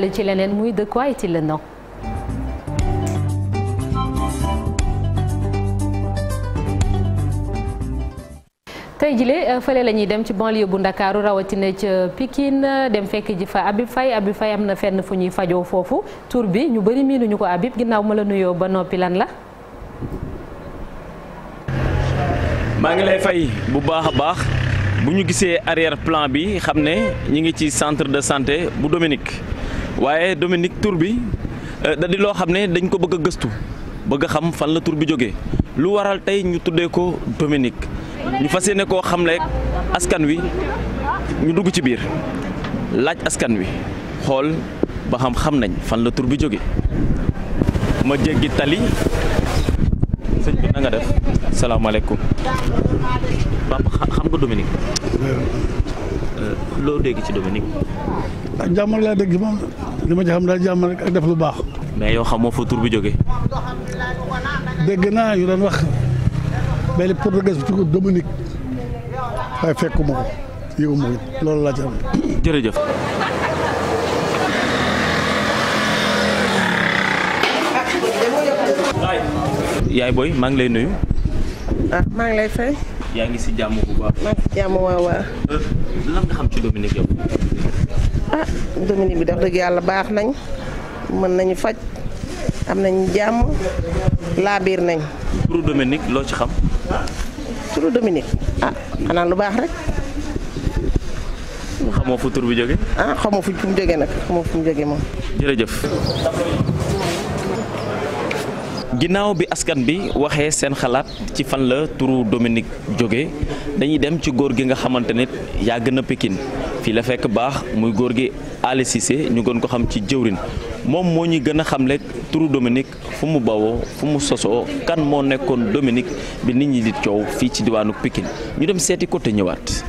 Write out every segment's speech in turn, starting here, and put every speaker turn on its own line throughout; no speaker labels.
ci leneen muy dëkkuwaay ci lëndëm tey jile fële lañuy dem ci banlieue bu ndakaaru rawatina ca Pikine dem fekk ji fa Habib Faye Habib Faye am na fenn fu ñuy fajoo foofu tur bi ñu bëri miinuñu ko Habib ginnaaw ma la nuyoo ba noppi lan la
maa ngi lay fay bu baax a baax bu ñu gisee arrière plan bi xam ne ñi ngi ci centre de santé bu Dominique waaye Dominique tur bi euh, da loo xam ne dañ ko bëgg a gëstu bëgg a xam fan la tur bi jóge lu waral tey ñu tuddee ko Dominique ñu fas yéene koo ne askan wi ñu dugg ci biir laaj askan wi xool ba xam xam nañ fan la tur bi jóge ma jéggi tali sëñ bi na nga def salaamaaleykum papa xam nga Dominique euh, loo dégg ci Dominique.
Ah, li ma ci xam daal jàmm rek ak def lu baax.
mais yow xamoo fa tur bi jógee.
dégg naa yu doon wax benn portugais bi ci ko Dominique waaye
fekkuma ko yëguma loolu laa ci am. jërëjëf. yaay booy maa ngi lay nuyu. ah maa ngi lay fay. yaa ngi si jàmm bu baax. maa ngi si jàmm waaw euh, ci Dominique ah Dominique bi daf dëgg yàlla baax nañ mën nañu faj am nañ jàmm laabiir nañ. turu Dominique loo ci xam. turu Dominique ah xanaa lu baax rek. xamoo fu tur bi jóge ah xamoo fu mu jóge nag xamoo fu mu jóge moom. jërëjëf. ginnaaw bi askan bi waxee seen xalaat ci fan la turu Dominique jóge dañuy dem ci góor gi nga xamante ne yàgg na pikin fii la fekk baax muy góor gi Aly Cissé ñu gën ko xam ci jëwrin moom moo ñuy gën a xamle turu Dominique fu mu bawoo fu mu sosoo kan moo nekkoon Dominique bi nit ñi di coow fii ci diwaanu pikin ñu dem seeti côté ñëwaat.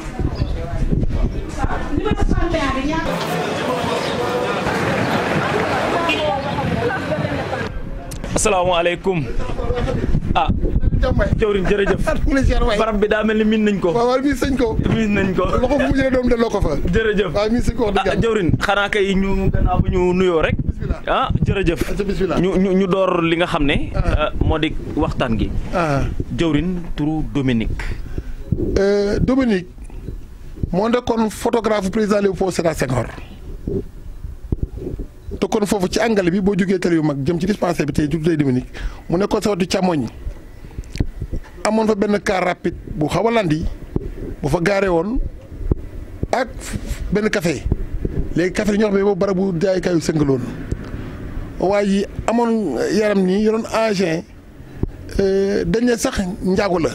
asalaamaaleykum ah.
jëwriñ jërëjëf barab
bi daa mel ni miin nañ ko waaw miin nañ ko loxo fu mu jëlee doom delloo fa jërëjëf waaw miin ah, xanaa kay ñu gannaaw nuyoo rek ah, jërëjëf ñu ñu ñu door li nga xam ne ah. moo di waxtaan gi jëwriñ turu Dominique euh, Dominique
moo nekkoon photographe président Léopold Sédar Senghor kon foofu ci àngale bi boo jógee télé yu mag jëm ci dispensaire bi tey juddee Dominique mu nekkoon sa wetu càmmoñ amoon fa benn car rapide bu xaw a landi bu fa gaaree woon ak benn kafe léegi café ni ñoo xam ne boobu barabu jaaykaayu sëngaloon waaye yi amoon yaram nii yoroon engin euh, dañ ne sax njaago la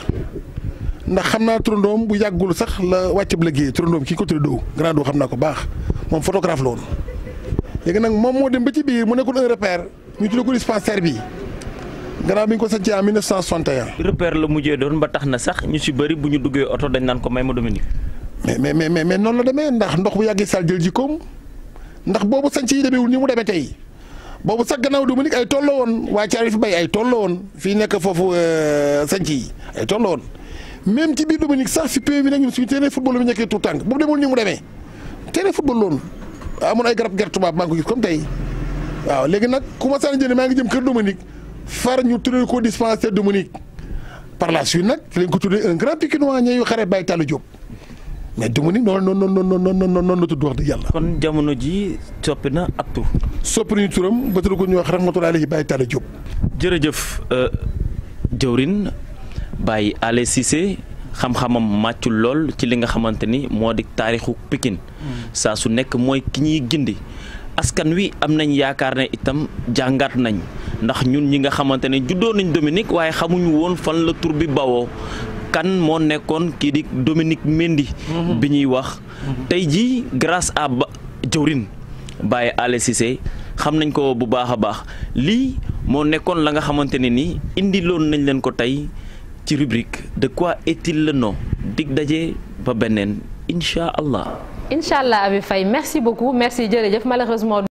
ndax xam naa turandoom bu yàggul sax la wàcc bu liggéey turandoom kii ko tuddee Dóo grand Dóo xam naa ko baax moom photographe la léegi nag moom moo dem ba ci biir mu nekkul un ko dispensaire bi gannaaw bi ñu
la mujjee doon ba tax na sax ñu si bëri bu ñu duggee oto dañ naan ko may ma Dominique.
mais mais mais mais noonu la demee ndax ndox bu yàggee sal jël jikkoom ndax boobu sànci yi demeewul ni mu demee tey boobu sax gannaaw Dominique ay toll la woon waa Thiaré fi bay ay toll la woon fii nekk foofu euh, sànci yi ay toll woon même ci biir sax si PMI bi nag ñun suñu terrain football bi ñu nekkee tout tànk boobu demul ni mu demee terrain football loolu. amoon ay garab gerte tubaab maa ngi ko gis comme tey waaw léegi nag ku ma saan jënd maa ngi jëm kër Dominique far ñu tuddee ko dispensaire Dominique par la suite nag lañ ko tuddee un grand Pikinois ñooy xare Baye Talla Diop mais Dominique noonu noonu noonu noonu noonu noonu la tudd wax dëgg yàlla. kon jamono ji soppi na ab tur. soppi nañu turam ba tudd ko ñu wax rahmatulah alayhi Baye Talla Diop.
jërëjëf euh, jëwrin Baye Alé Cissé xam-xamam màccul lool ci li nga xamante ni moo di taarixu Pikin hmm. saa su nekk mooy ki ñuy gindi askan wi am nañ yaakaar ne itam jàngaat nañ ndax ñun ñi nga xamante ne juddoo nañ Dominique waaye xamuñu woon fan la tur bi kan moo nekkoon kii di Dominique Mendy hmm. bi ñuy wax hmm. tey jii grâce à ba jëwrin Baye Alé Cissé xam nañ ko bu baax a baax lii moo nekkoon la nga xamante ne ni indiloon nañ leen ko tey ci rubrique de quoi est-il le nom dig daje ba beneen incha allah.
incha allah Abi Faye merci beaucoup merci jërëjëf malheureusement.